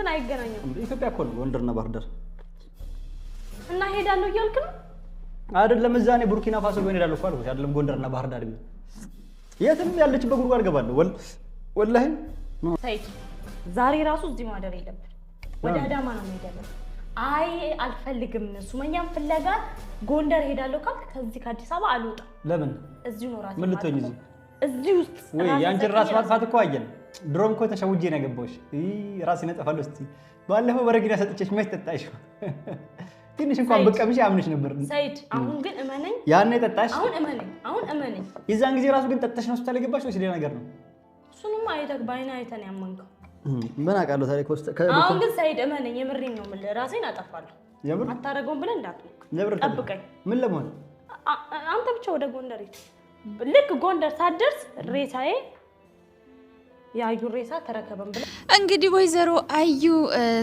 እንትን አይገናኝም። ኢትዮጵያ እኮ ነው ጎንደርና ባህር ዳር እና ሄዳለሁ እያልክ ነው አይደለም? እዛ እኔ ቡርኪና ፋሶ ቢሆን ሄዳለሁ እኮ አልኩሽ። አይደለም ጎንደርና ባህር ዳር ቢሆን የትም ያለችበት ጉድጓድ ገባለሁ። ወላሂ ሳይት ዛሬ ራሱ እዚህ ማደር የለብን። ወደ አዳማ ነው መሄድ አይ አልፈልግም። ሱመኛም ፍለጋ ጎንደር ሄዳለሁ ካልክ ከዚህ ከአዲስ አበባ አልወጣም። ለምን? እዚሁ ነው ራሴ ምን ልትሆኝ እዚህ እዚህ ውስጥ ወይ የአንቺን ራስ ማጥፋት እኮ አየን ድሮም እኮ ተሸውጄ ነው ያገባሁሽ። ራሴን አጠፋለሁ ስትይ ባለፈው በረኪና ሰጥቼሽ መች ጠጣሽ? ትንሽ እንኳን ብቀምሽ አምንሽ ነበር። ሰይድ አሁን ግን እመነኝ፣ ጠጣሽ፣ አሁን እመነኝ፣ አሁን እመነኝ። የዛን ጊዜ ራሱ ግን ጠጥተሽ ነው ሆስፒታል የገባሽ ወይስ ሌላ ነገር ነው? እሱንማ አይተህ ያመንከው። ምን አውቃለሁ አሁን ግን ሰይድ እመነኝ፣ የምሬን ነው የምልህ። ራሴን አጠፋለሁ የምር አታደርገውም ብለህ እንዳትሞክር፣ ጠብቀኝ። ምን ለመሆን አንተ ብቻ ወደ ጎንደር ልክ ጎንደር ሳትደርስ ሬሳዬ የአዩ ሬሳ ተረከበን ብለ እንግዲህ ወይዘሮ አዩ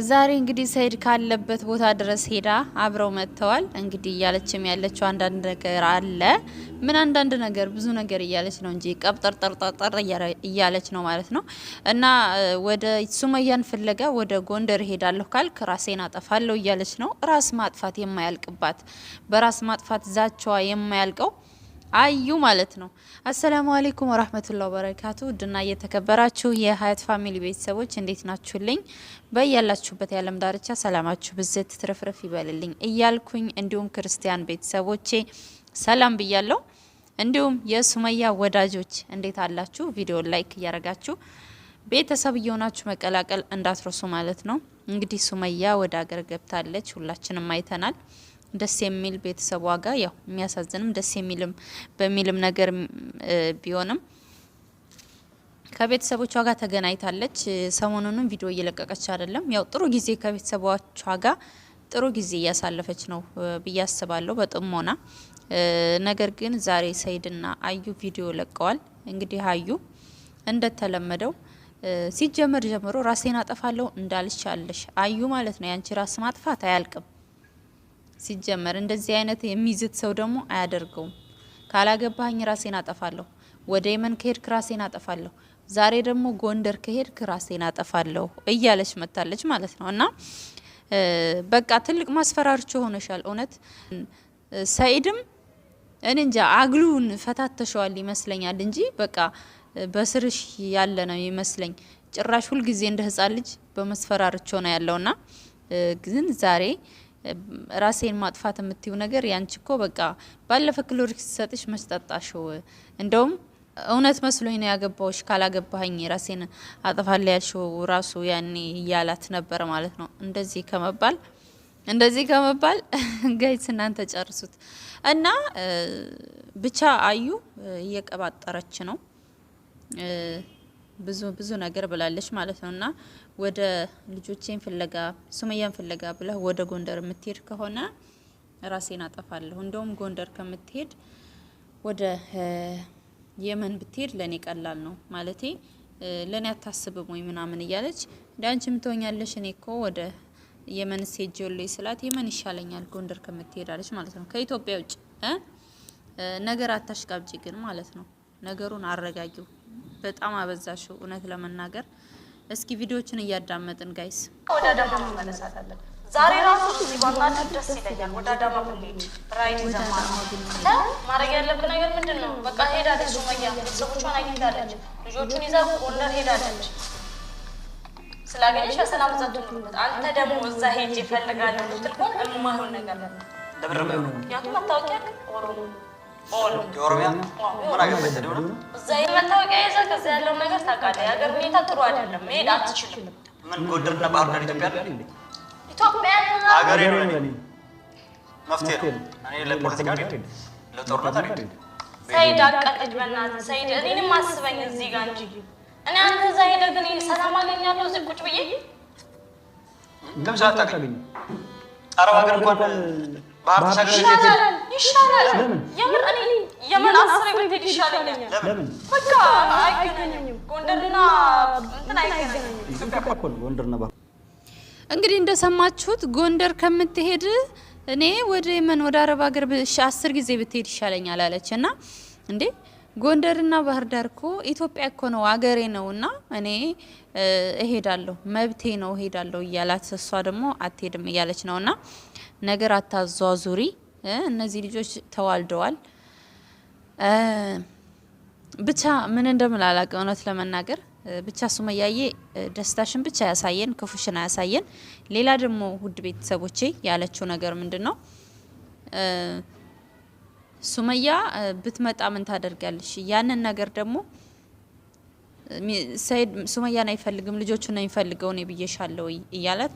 ዛሬ እንግዲህ ሰይድ ካለበት ቦታ ድረስ ሄዳ አብረው መጥተዋል። እንግዲህ እያለችም ያለችው አንዳንድ ነገር አለ። ምን አንዳንድ ነገር ብዙ ነገር እያለች ነው እንጂ ቀብጠርጠርጠር እያለች ነው ማለት ነው። እና ወደ ሱመያን ፍለጋ ወደ ጎንደር ሄዳለሁ ካልክ ራሴን አጠፋለሁ እያለች ነው። ራስ ማጥፋት የማያልቅባት በራስ ማጥፋት ዛቸዋ የማያልቀው አዩ ማለት ነው። አሰላሙ አሌይኩም ወራህመቱላሂ ወበረካቱ ውድና እየተከበራችሁ የሀያት ፋሚሊ ቤተሰቦች እንዴት ናችሁልኝ? በያላችሁበት የዓለም ዳርቻ ሰላማችሁ ብዝት ትረፍረፍ ይበልልኝ እያልኩኝ እንዲሁም ክርስቲያን ቤተሰቦቼ ሰላም ብያለሁ። እንዲሁም የሱመያ ወዳጆች እንዴት አላችሁ? ቪዲዮ ላይክ እያረጋችሁ ቤተሰብ እየሆናችሁ መቀላቀል እንዳትረሱ ማለት ነው። እንግዲህ ሱመያ ወደ ሀገር ገብታለች፣ ሁላችንም አይተናል። ደስ የሚል ቤተሰቧ ዋጋ ያው የሚያሳዝንም ደስ የሚልም በሚልም ነገር ቢሆንም ከቤተሰቦቿ ጋር ተገናኝታለች። ሰሞኑንም ቪዲዮ እየለቀቀች አይደለም። ያው ጥሩ ጊዜ ከቤተሰቦቿ ጋር ጥሩ ጊዜ እያሳለፈች ነው ብዬ አስባለሁ በጥሞና። ነገር ግን ዛሬ ሰይድና አዩ ቪዲዮ ለቀዋል። እንግዲህ አዩ እንደተለመደው ሲጀመር ጀምሮ ራሴን አጠፋለሁ እንዳልሻለሽ አዩ ማለት ነው። ያንቺ ራስ ማጥፋት አያልቅም። ሲጀመር እንደዚህ አይነት የሚዝት ሰው ደግሞ አያደርገውም። ካላገባኝ ራሴን አጠፋለሁ፣ ወደ የመን ከሄድክ ራሴን አጠፋለሁ፣ ዛሬ ደግሞ ጎንደር ከሄድክ ራሴን አጠፋለሁ እያለች መታለች ማለት ነው። እና በቃ ትልቅ ማስፈራርች ሆነሻል። እውነት ሰኢድም እኔ እንጃ አግሉን ፈታተሸዋል ይመስለኛል እንጂ በቃ በስርሽ ያለ ነው ይመስለኝ። ጭራሽ ሁልጊዜ እንደ ህፃን ልጅ በመስፈራርቾ ነው ያለውና ግን ዛሬ ራሴን ማጥፋት የምትዩ ነገር ያንቺ እኮ በቃ ባለፈ ክሎሪክስ ሲሰጥሽ መስጠጣሽው እንደውም እውነት መስሎኝ ነው ያገባዎች ካላገባኝ ራሴን አጥፋለሁ ያልሽው ራሱ ያኔ እያላት ነበረ ማለት ነው። እንደዚህ ከመባል እንደዚህ ከመባል ጋይስ እናንተ ጨርሱት እና ብቻ አዩ እየቀባጠረች ነው ብዙ ብዙ ነገር ብላለች ማለት ነው እና ወደ ልጆቼን ፍለጋ ሱመያን ፍለጋ ብላ ወደ ጎንደር የምትሄድ ከሆነ ራሴን አጠፋለሁ። እንደውም ጎንደር ከምትሄድ ወደ የመን ብትሄድ ለእኔ ቀላል ነው ማለቴ ለእኔ አታስብም ወይ ምናምን እያለች እንዳንቺም ትሆኛለሽ። እኔ እኮ ወደ የመን ሴጆልኝ ስላት የመን ይሻለኛል ጎንደር ከምትሄዳለች ማለት ነው። ከኢትዮጵያ ውጭ ነገር አታሽቃብጪ ግን ማለት ነው። ነገሩን አረጋጊው። በጣም አበዛሽው እውነት ለመናገር እስኪ ቪዲዮዎችን እያዳመጥን ጋይስ ወደ አዳማ መመለሳት ዛሬ ራሱ እዚህ ባናችሁ ደስ ይለኛል። ወደ አዳማ ራይድ ማድረግ ያለብን ነገር ምንድን ነው? በቃ ሄዳለች። ሱመያ ቤተሰቦቿን አግኝታለች። ልጆቹን ይዛ ጎንደር ሄዳለች። በሰላም ዘቱ አንተ ደግሞ እዛ ሄጅ ይፈልጋለ ትልሆን እማሆን ነገር ያቱ መታወቂያ ኦሮሞ የኦሮሚያ ምን እዛ የመታወቂያ ይዘህ ከዚያ ያለው ነገር ታውቃለህ። የሀገር ሁኔታ ጥሩ አይደለም፣ መሄድ አትችልም። ምን ጎንደርና ባህር ዳር ኢትዮጵያ ኢትዮጵያ ሀገሬ ነው። መፍትሄ እኔ ለፖለቲካ ለጦርነት አይደል። ሰይድ አቀልድ፣ በእናትህ ሰይድ፣ እኔንም አስበኝ እዚህ ጋር እንጂ እኔ አንተ እዛ ሄደህ ግን ይሄን ሰላም አገኛለሁ እዚህ ቁጭ ብዬ ለምሳሌ አታገኝም። አረብ ሀገር እንኳን ባህር ተሻገር እንግዲህ እንደሰማችሁት ጎንደር ከምትሄድ እኔ ወደ የመን ወደ አረብ ሀገር አስር ጊዜ ብትሄድ ይሻለኛል አለች እና እንዴ ጎንደርና ባህር ዳር እኮ ኢትዮጵያ እኮ ነው አገሬ ነው እና እኔ እሄዳለሁ መብቴ ነው እሄዳለሁ እያላት እሷ ደግሞ አትሄድም እያለች ነው እና ነገር አታዟዙሪ እነዚህ ልጆች ተዋልደዋል። ብቻ ምን እንደምላላቅ እውነት ለመናገር ብቻ ሱመያዬ ደስታሽን ብቻ ያሳየን፣ ክፉሽን አያሳየን። ሌላ ደግሞ ውድ ቤተሰቦቼ ያለችው ነገር ምንድን ነው? ሱመያ ብትመጣ ምን ታደርጋለሽ? ያንን ነገር ደግሞ ሰይድ ሱመያን አይፈልግም ልጆቹን ነው የሚፈልገው እኔ ብዬሻለሁ እያላት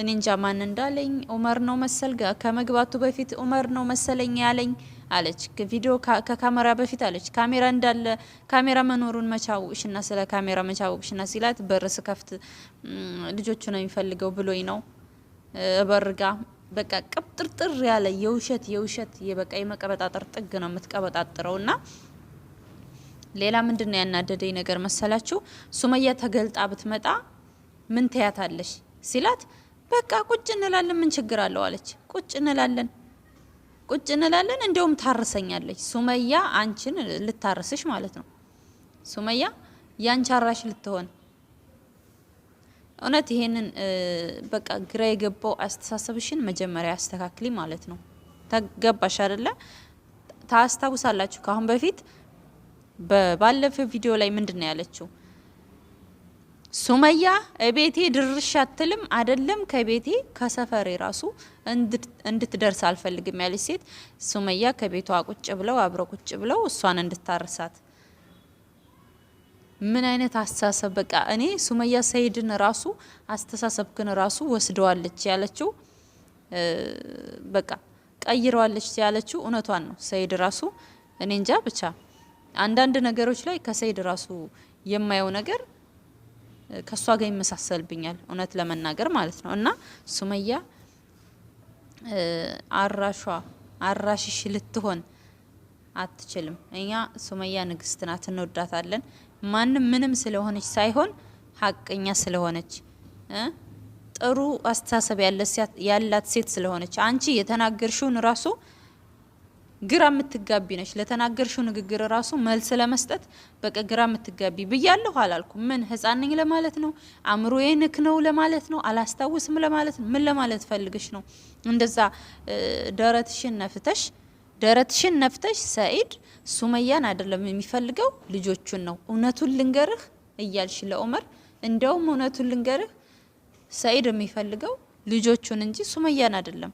እኔ እንጃ ማን እንዳለኝ ኡመር ነው መሰል ከመግባቱ በፊት ኡመር ነው መሰለኝ ያለኝ አለች። ቪዲዮ ከካሜራ በፊት አለች። ካሜራ እንዳለ ካሜራ መኖሩን መቻውቅሽና ስለ ካሜራ መቻውቅሽና ሲላት በር ስከፍት ልጆቹ ነው የሚፈልገው ብሎኝ ነው በርጋ በቃ ቅብጥርጥር ያለ የውሸት የውሸት የበቃ የመቀበጣጠር ጥግ ነው የምትቀበጣጥረው እና ሌላ ምንድነው ያናደደኝ ነገር መሰላችሁ? ሱመያ ተገልጣ ብትመጣ ምን ትያታለሽ? ሲላት በቃ ቁጭ እንላለን፣ ምን ችግር አለው አለች። ቁጭ እንላለን ቁጭ እንላለን። እንደውም ታርሰኛለች ሱመያ፣ አንቺን ልታርስሽ ማለት ነው። ሱመያ ያንቺ አራሽ ልትሆን እውነት። ይሄንን በቃ ግራ የገባው አስተሳሰብሽን መጀመሪያ ያስተካክሊ ማለት ነው። ተገባሽ አይደለ? ታስታውሳላችሁ ከአሁን በፊት ባለፈው ቪዲዮ ላይ ምንድን ነው ያለችው? ሱመያ ቤቴ ድርሽ አትልም። አይደለም ከቤቴ ከሰፈሬ ራሱ እንድትደርስ አልፈልግም ያለች ሴት ሱመያ ከቤቷ ቁጭ ብለው አብረው ቁጭ ብለው እሷን እንድታርሳት ምን አይነት አስተሳሰብ! በቃ እኔ ሱመያ ሰይድን ራሱ አስተሳሰብክን ራሱ ወስደዋለች ያለችው በቃ ቀይረዋለች ያለችው እውነቷን ነው። ሰይድ ራሱ እኔ እንጃ ብቻ አንዳንድ ነገሮች ላይ ከሰይድ ራሱ የማየው ነገር ከእሷ ጋር ይመሳሰልብኛል እውነት ለመናገር ማለት ነው። እና ሱመያ አራሿ አራሽሽ ልትሆን አትችልም። እኛ ሱመያ ንግስት ናት፣ እንወዳታለን። ማንም ምንም ስለሆነች ሳይሆን ሀቀኛ ስለሆነች ጥሩ አስተሳሰብ ያላት ሴት ስለሆነች አንቺ የተናገርሽውን ራሱ ግራ የምትጋቢ ነች። ለተናገርሽው ንግግር ራሱ መልስ ለመስጠት በቃ ግራ የምትጋቢ ብያለሁ አላልኩ። ምን ህፃን ነኝ ለማለት ነው? አእምሮ ንክ ነው ለማለት ነው? አላስታውስም ለማለት ነው? ምን ለማለት ፈልግሽ ነው? እንደዛ ደረትሽን ነፍተሽ ደረትሽን ነፍተሽ ሰኢድ ሱመያን አይደለም የሚፈልገው ልጆቹን ነው። እውነቱን ልንገርህ እያልሽ ለኦመር እንደውም እውነቱን ልንገርህ ሰኢድ የሚፈልገው ልጆቹን እንጂ ሱመያን አይደለም።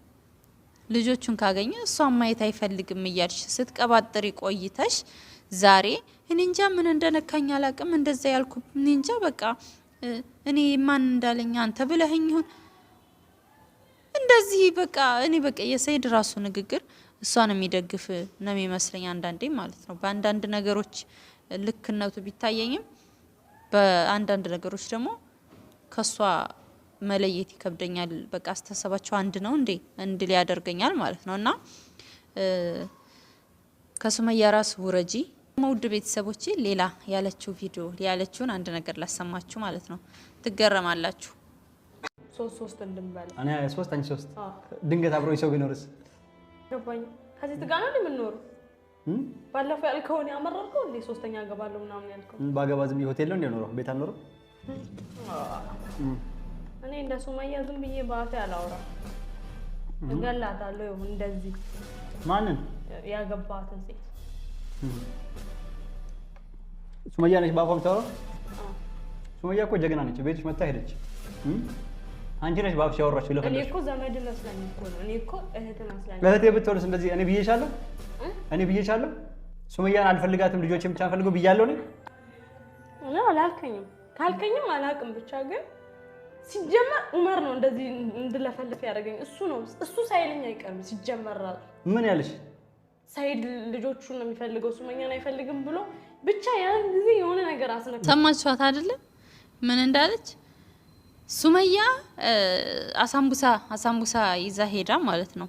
ልጆቹን ካገኘ እሷን ማየት አይፈልግም እያልሽ ስትቀባጥሪ ቆይተሽ ዛሬ እኔ እንጃ ምን እንደነካኝ አላቅም። እንደዛ ያልኩ እኔ እንጃ በቃ እኔ ማን እንዳለኝ አንተ ብለህኝ ይሁን እንደዚህ በቃ እኔ በቃ የሰይድ ራሱ ንግግር እሷን የሚደግፍ ነው የሚመስለኝ አንዳንዴ ማለት ነው። በአንዳንድ ነገሮች ልክነቱ ቢታየኝም በአንዳንድ ነገሮች ደግሞ ከእሷ መለየት ይከብደኛል። በቃ አስተሳሰባቸው አንድ ነው እንዴ እንድል ያደርገኛል ማለት ነው። እና ከሱመያ ራስ ውረጂ። ውድ ቤተሰቦች፣ ሌላ ያለችው ቪዲዮ ያለችውን አንድ ነገር ላሰማችሁ ማለት ነው። ትገረማላችሁ። ሶስት አንቺ ሶስት ድንገት አብሮ ሰው ቢኖርስ ከዚህ ትጋና ነው የምንኖሩ። ባለፈው ያልከውን ያመረርከው እንዴ ሶስተኛ ገባለሁ ምናምን ያልከው ባገባ ዝም ሆቴል ነው እንደኖረው ቤት አልኖረው እኔ እንደ ሱመያ ዝም ብዬ በአፌ አላወራም፣ እገላታለሁ። እንደዚህ ማንን ያገባትን ሴት ሱመያ ነች በአፏ የምታወራው። ሱመያ እኮ ጀግና ነች። ቤትሽ መታ ሄደች። አንቺ ነሽ በአፍሽ ያወራችው። ለፈለሽ እኮ ዘመድ መስለኝ እኮ ነው። እኔ እኮ እህት መስለኝ። እህቴ ብትሆንስ እንደዚህ እኔ ብዬሻለሁ፣ እኔ ብዬሻለሁ። ሱመያን አልፈልጋትም፣ ልጆቼ ብቻ አንፈልገው ብያለሁ። እኔ አላልከኝም፣ ካልከኝም አላውቅም ብቻ ግን ሲጀመር ኡመር ነው እንደዚህ እንድለፈልፍ ያደረገኝ እሱ ነው። እሱ ሳይልኝ አይቀርም። ሲጀመር ራሱ ምን ያለሽ ሳይድ ልጆቹን ነው የሚፈልገው ሱመኛን አይፈልግም ብሎ ብቻ ያን ጊዜ የሆነ ነገር አስነ ሰማችኋት አይደለም? ምን እንዳለች ሱመያ አሳምቡሳ አሳምቡሳ ይዛ ሄዳ ማለት ነው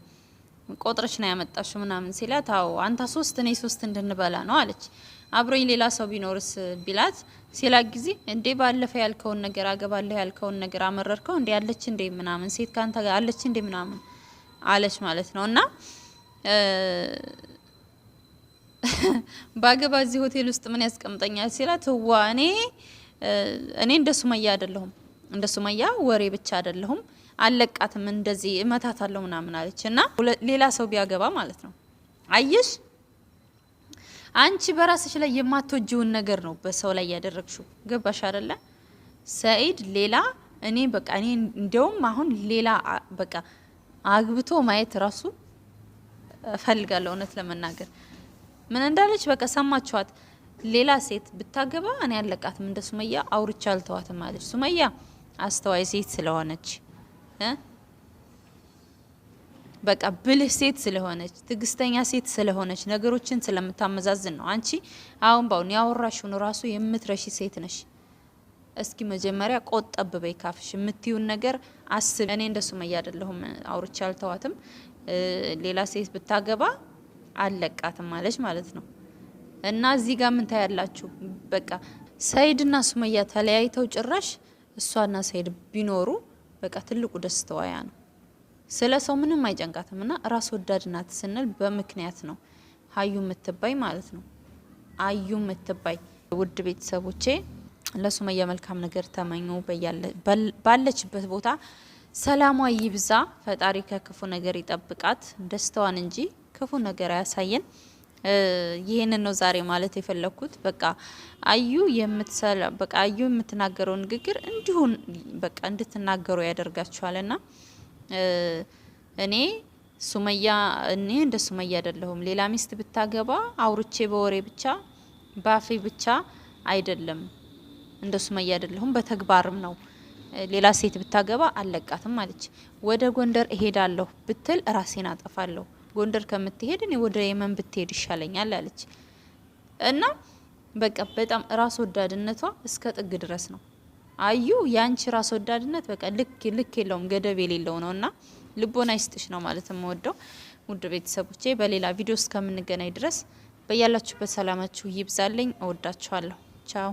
ቆጥረሽ ነው ያመጣሽው ምናምን ሲላት፣ አዎ አንተ ሶስት እኔ ሶስት እንድንበላ ነው አለች። አብሮኝ ሌላ ሰው ቢኖርስ ቢላት ሲላ ጊዜ እንዴ ባለፈ ያልከውን ነገር አገባለሁ ያልከውን ነገር አመረርከው እንዴ አለች እንዴ ምናምን ሴት ካንተ ጋር አለች እንዴ ምናምን አለች ማለት ነው። እና ባገባ እዚህ ሆቴል ውስጥ ምን ያስቀምጠኛል ሲላት፣ ዋ እኔ እኔ እንደ ሱመያ አይደለሁም እንደ ሱመያ ወሬ ብቻ አይደለሁም አለቃትም እንደዚህ እመታታለሁ ምናምን አለች። እና ሌላ ሰው ቢያገባ ማለት ነው አየሽ አንቺ በራስሽ ላይ የማትወጂውን ነገር ነው በሰው ላይ ያደረግሽው። ገባሽ አይደለ? ሰኢድ ሌላ እኔ በቃ እኔ እንደውም አሁን ሌላ በቃ አግብቶ ማየት ራሱ እፈልጋለሁ። እውነት ለመናገር ምን እንዳለች በቃ ሰማችኋት። ሌላ ሴት ብታገባ እኔ አለቃትም። እንደ ሱመያ አውርቻ አልተዋትም አለች። ሱመያ አስተዋይ ሴት ስለሆነች በቃ ብልህ ሴት ስለሆነች ትግስተኛ ሴት ስለሆነች ነገሮችን ስለምታመዛዝን ነው። አንቺ አሁን ባሁን ያወራሽውን ራሱ የምትረሺ ሴት ነሽ። እስኪ መጀመሪያ ቆጠብ በይ ካፍሽ የምትዩን ነገር አስብ እኔ እንደ ሱመያ አይደለሁም፣ አውርቼ አልተዋትም። ሌላ ሴት ብታገባ አለቃትም ማለች ማለት ነው። እና እዚህ ጋር ምን ታያላችሁ? በቃ ሰይድና ሱመያ ተለያይተው ጭራሽ እሷና ሰይድ ቢኖሩ በቃ ትልቁ ደስታዋ ነው። ስለ ሰው ምንም አይጨንቃትም ና ራስ ወዳድ ናት ስንል በምክንያት ነው። ሀዩ የምትባይ ማለት ነው። አዩ የምትባይ ውድ ቤተሰቦቼ ለሱመያ መልካም ነገር ተመኙ። ባለችበት ቦታ ሰላሟ ይብዛ። ፈጣሪ ከክፉ ነገር ይጠብቃት፣ ደስታዋን እንጂ ክፉ ነገር አያሳየን። ይህንን ነው ዛሬ ማለት የፈለግኩት። በቃ አዩ በቃ አዩ የምትናገረው ንግግር እንዲሁን በቃ እንድትናገሩ ና እኔ ሱመያ እኔ እንደ ሱመያ አይደለሁም። ሌላ ሚስት ብታገባ አውርቼ በወሬ ብቻ ባፌ ብቻ አይደለም፣ እንደ ሱመያ አይደለሁም፣ በተግባርም ነው። ሌላ ሴት ብታገባ አለቃትም አለች። ወደ ጎንደር እሄዳለሁ ብትል ራሴን አጠፋለሁ። ጎንደር ከምትሄድ እኔ ወደ የመን ብትሄድ ይሻለኛል አለች እና በቃ በጣም ራስ ወዳድነቷ እስከ ጥግ ድረስ ነው። አዩ ያንቺ ራስ ወዳድነት በቃ ልክ ልክ የለውም ገደብ የሌለው ነው እና ልቦና ይስጥሽ ነው ማለት የምወደው። ውድ ቤተሰቦቼ በሌላ ቪዲዮ እስከምንገናኝ ድረስ በያላችሁበት ሰላማችሁ ይብዛልኝ። እወዳችኋለሁ። ቻው